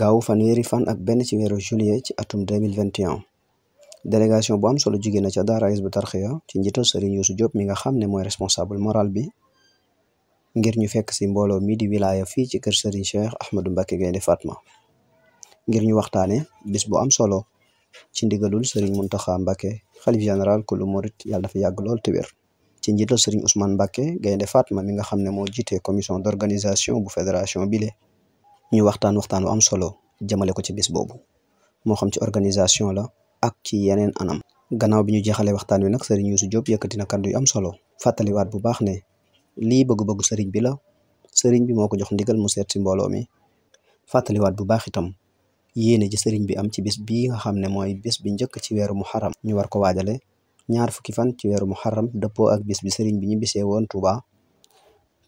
gaawu fanweeri fan ak benn ci weeru juillet ci atum 2021 délégation bu am solo jugee ca dara daara Hizbut-Tarqiyyah ci njiital Serigne Youssou Diop mi nga xam ne mooy responsable moral bi ngir ñu fekk si mbooloo mi di wilaya fii ci kër Serigne Cheikh Ahmadou Mbacké Gaïndé Fatma ngir ñu waxtaane bis bu am solo ci ndigalul Serigne Mountakha Mbacké xalif général kulu murit yàlla dafa yàgg lool te wér ci njiital Serigne Ousmane Mbacké Gaïndé Fatma mi nga xam ne moo jiite commission d'organisation bu fédération bile ñu waxtaan waxtaan wu am solo jëmale ko ci bis boobu moo xam ci organisation la ak ci yeneen anam. gannaaw bi ñu jeexalee waxtaan wi nag Serigne Youssou Diop yëkkati na am solo fàttaliwaat bu baax ne lii bëgg-bëggu Serigne bi la Serigne bi moo ko jox ndigal mu seet si mbooloo mi fàttaliwaat bu baax itam yéene ji Serigne bi am ci bis bii nga xam ne mooy bis bi njëkk ci weeru muharram ñu war ko waajale ñaar fukki fan ci weeru muharram dëppoo ak bis bi Serigne bi ñu bisee woon Touba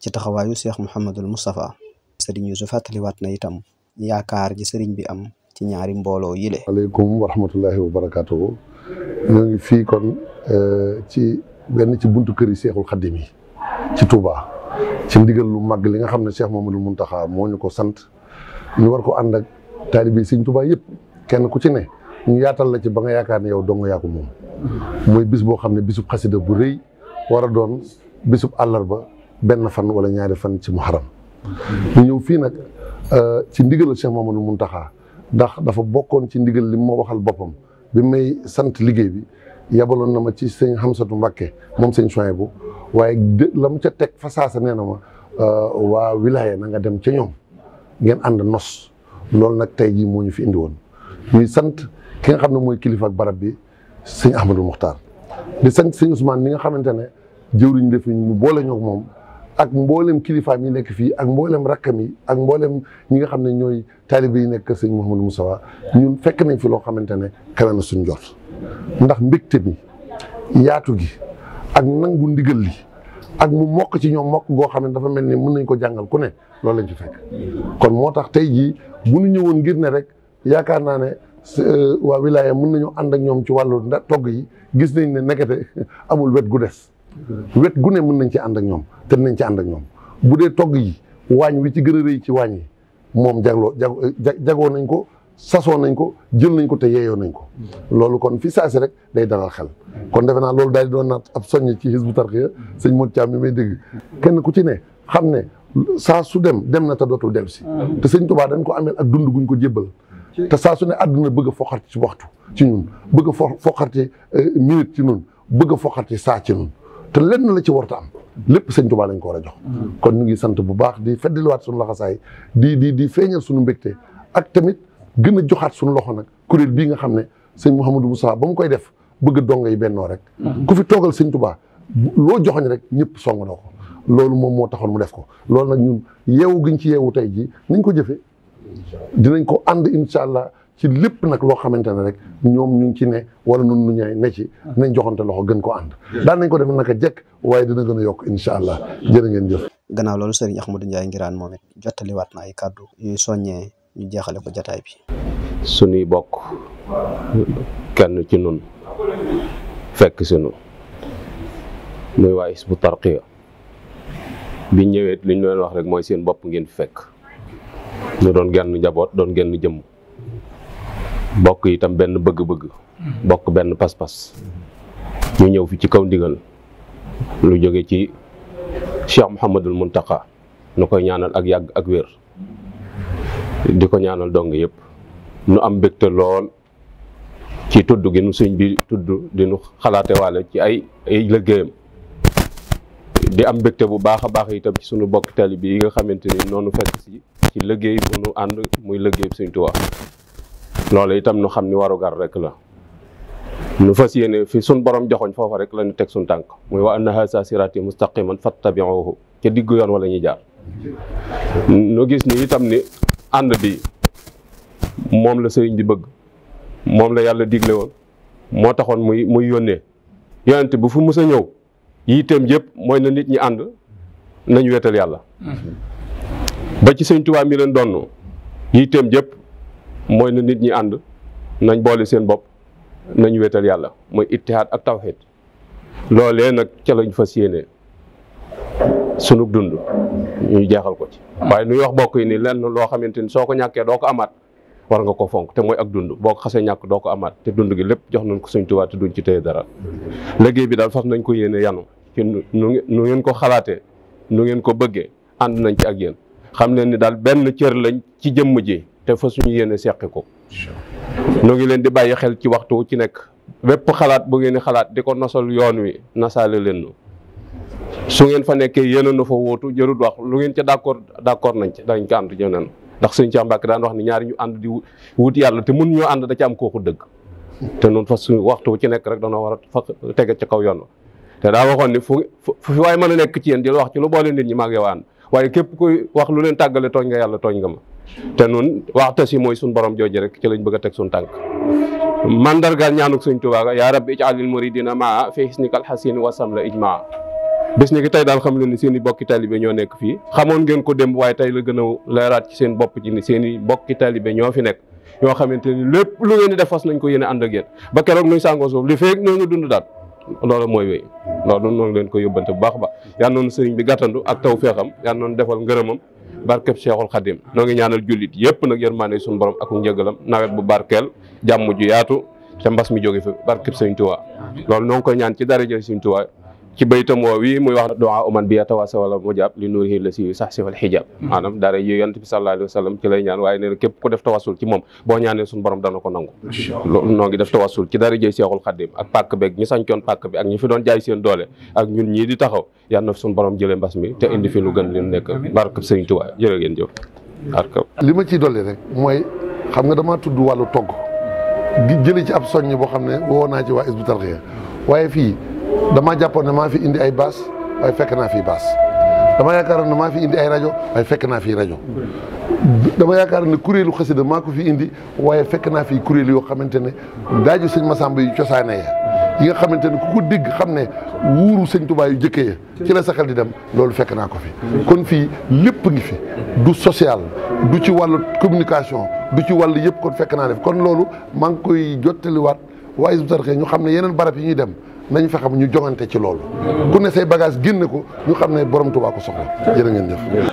ci taxawaayu Cheikh Mouhamadul Moustapha sëriñ Yuusu fàttaliwaat na itam yaakaar ji sëriñ bi am ci ñaari mbooloo yile aleykum wa rahmatullahi wa barakaatu ñoo ngi fii kon eh, ci benn ci buntu kër yi Seexul Xaddim yi ci Touba ci ndigal lu mag li nga xam ne Cheikh Mamadou Mountakha moo ñu ko sant ñu war ko ànd ak taalibe Sëriñ Touba yëpp kenn ku ci ne ñu yaatal la ci ba nga yaakaar ne yow dong yaa moom mooy bis boo xam ne bisub xasida bu rëy war a doon bisub ba benn fan wala ñaari fan ci muharam ñu ñëw fii nag euh, ci ndigalal Cheikh Mamadou taxa ndax dafa bokkoon ci ndigal li ma waxal boppam bi may sant liggéey bi yabaloon na ma ci sëñ Hamsatu Mbàkke moom sëñ Soin bu waaye la mu ca teg fa saasa nee na ma euh, waa wilaya na nga dem ca ñoom ngeen ànd nos loolu nag tey jii moo ñu fi indi woon ñuy sant kenn nga xam ne mooy kilifa barab bi sëñ Ahmadou Mokhtar di sañ sëñ Ousmane mi nga xamante ne jëwriñ defi mu boole ñoo moom ak mboolem kilifaam yi nekk fii ak mboolem rakkam yi ak mboolem ñi nga xam ne ñooy taalibe yi nekk sëñ mu Moustapha ñun fekk nañ fi loo xamante ne kana na suñ jot ndax mbégte mi yaatu gi ak nangu ndigal li ak mu mokk ci ñoom mokk goo xam ne dafa mel ni mën nañ ko jàngal ku ne loolu lañ ci fekk kon moo tax tey jii bu ñu ñëwoon ngir ne rek yaakaar naa ne waa wilaya mën nañu ànd ak ñoom ci wàllu togg yi gis nañ ne nekkate amul wet gu des wet gune mun nañ ci ànd ak ñoom te nañ ci ànd ak ñoom bu dee togg yi waañ wi ci gën a ci waañ yi moom jagloo jagoo nañ ko sasoo nañ ko jël nañ ko te yeeyoo nañ ko loolu kon fi saasi rek day dalal xel kon defe naa loolu daal doon naat ab soññ ci Hizbut Tarqiyyah sëñ Modou Thiam mi may dégg kenn ku ci ne xam ne saa su dem dem na te dootul dellu si te sëñ Tuubaa dañ ko ameel ak dund ko jébbal te saa su ne àdduna bëgg a foxarti ci waxtu ci ñun bëgg a foxarti euh, ci ñun bëgg a foxarti saa ci ñun te lenn la ci warta am lépp sëñ Tuubaa lañ ko war a jox kon ñu ngi sant bu baax di feddiliwaat suñu laxasaay di di di feeñal suñu mbégte ak tamit gën a joxaat suñu loxo nag kuréel bii nga xam ne sëñ Mouhamadou Moussa ba mu koy def bëgg dongo yi bennoo rek ku fi toogal sëñ Tuubaa loo joxoñ rek ñëpp song na ko loolu moom moo taxoon mu def ko loolu nag ñun yeewu giñ ci yeewu tey ji nañ ko jëfee dinañ ko ànd incha allah ci lépp nag loo xamante ne rek ñoom ñu ci ne wala nun nu ñay ne ci nañ joxante loxo gën ko ànd daan nañ ko def naka jekk waaye dina gën a yokk incha allah jërë ngeen jëf gannaaw loolu sëriñ Ahmadou Ndiaye Nguirane moom it jottaliwaat na ay kàddu yuy soññee ñu jeexale ko jataay bi suñuy bokk kenn ci nun fekk sinu muy waa Hizbut Tarqiyyah biñ ñëwee li ñu wax rek mooy seen bopp ngeen fekk ñu doon genn njaboot doon genn jëmm bokk itam benn bëgg-bëgg hmm. bokk benn pas-pas ñu ñëw fi ci kaw ndigal lu jóge ci Cheikh Mouhamadul Muntaka nu koy ñaanal ak yàgg ak wér di ko ñaanal dong yëpp nu am mbégte lool ci tudd gi nu sëñ bi tudd dinu xalaate waale ci ay ay liggéeyam di am mbégte bu baax a baax itam ci sunu bokk taalibe yi nga xamante ni noonu fekk si ci liggéey bu nu ànd muy liggéey Sëñ Tuubaa loolu itam nu xam ni warugar rek la nu fas yéene fi sun borom joxoñ foofa rek la teg sun tànk muy wa anna haza sirati mustaqiman fattabiuhu ca digg yoon wala ñuy jaar nu gis ni itam ni ànd bi moom la sëriñ bi bëgg moom la yàlla digle woon moo taxoon muy muy yónnee yonent bu fu mus a ñëw yitteem yëpp mooy na nit ñi ànd nañ wetal yàlla mm-hmm. ba ci sëñ Tuubaa mi leen donn yitteem yëpp mooy na nit ñi ànd nañ boole seen bopp nañ wéetal yàlla mooy ittihaad ak tawxiid loolee nag ca lañ fas yéene sunu dund ñu jeexal ko ci waaye nuy wax bokk yi ni lenn loo xamante ni soo ko ñàkkee doo ko amaat war nga ko fonk te mooy ak dund boo ko xasee ñàkk doo ko amaat te dund gi lépp jox nañ ko suñ tubaab te duñ ci téye dara liggéey bi daal fas nañ ko yéene yanu ci nu nu ngeen ko xalaatee nu ngeen ko bëggee ànd nañ ci ak yéen xam leen ni daal benn cër lañ ci jëmm ji te fa suñu yéene seqi ko noo ngi leen di bàyyi xel ci waxtu wu ci nekk bépp xalaat bu ngeen di xalaat di ko nosal yoon wi nasaale leen nu su ngeen fa nekkee yéene na fa wóotu jërut wax lu ngeen ca d'accord d'accord nañ ci dañ ko ànd ndax sëñ Cheikh daan wax ni ñaari ñu ànd di wuti yàlla te mun ñoo ànd da ci am kooku dëgg te noonu fa su waxtu ci nekk rek danoo war a fa tege ci kaw yoon te daa waxoon ni fu fi waaye mën a nekk ci yéen di la wax ci lu boole nit ñi maag yow ànd waaye képp kuy wax lu leen tàggale tooñ nga yàlla tooñ nga ma te nun waxta si mooy suñ borom jooju rek ca lañ bëgg teg suñ tànk mandargaal ñaanuk sëñ Tuubaa yaa rabbi ij'alil dina maa fi hisnikal hasin wasam la ijmaa bis ni ki tey daal xam leen ni seen i bokki talibe ñoo nekk fii xamoon ngeen ko waaye tey gën a leeraat seen bopp ci ni seen i bokki talibe ñoo fi nekk yoo xamante ni lépp lu ngeen di def fas nañ ko yéene ànd ak yéen ba keroog nuy sàngoo suuf li feeg ñoo ngi dund daal loolu mooy wéy loolu noonu leen ko yóbbante bu baax ba yal noonu sëriñ bi gàttandu ak taw feexam yal noonu defal ngërëmam barkeb Seexul Xadim noo ngi ñaanal jullit yëpp nag yërmaande suñu borom ak njëgalam nawet bu barkeel jàmm ju yaatu te mbas mi jóge fi barkeb Sëñ Tuubaa loolu noo ko ñaan ci daraja Sëñ Tuubaa ci baytam woo wi muy wax doa uman bi yatawasa wala mujab li nuurihi la si sax sifal xijab hmm. maanaam dara yi yonent bi sallallahu waaye nee na képp ku def tawasul ci moom boo ñaanee suñu borom dana nangu loolu noo ngi def ci dara jëy xaddim ak pàkk beeg ñu sañcoon pàkk bi ak ñu fi doon jaay seen doole ak ñun ñii di taxaw yal na suñu borom jëlee mbas mi te indi fi lu gën leen nekk barkab sëriñ Tuubaa jërë li ma ciy dolli rek mooy xam nga dama tudd wàllu togg di jëli ci ab soññ boo xam ne woo naa dama jàppoon ne maa fi indi ay baas waaye fekk naa fi baas dama yaakaaroon na maa fi indi ay rajo waaye fekk naa fii rajo dama yaakaar ne kuréelu xasida maa ko fi indi waaye fekk naa fii kuréel yoo xamante ne daaju sëñ Masamba yu cosaane yi nga xamante ne ku ko dégg xam ne wuuru sëñ Tuubaa yu jëkke ci la saxal di dem loolu fekk naa ko fi kon fii lépp ngi fi du sociale du ci wàllu communication du ci wàllu yëpp kon fekk naa def kon loolu maa ngi koy jottaliwaat waaye su tarxee ñu xam ne yeneen barab yi ñuy dem nañu fexe ñu joŋante ci loolu ku ne say bagage génne ko ñu xam ne borom Tuubaa ko soxla jërë ngeen jëf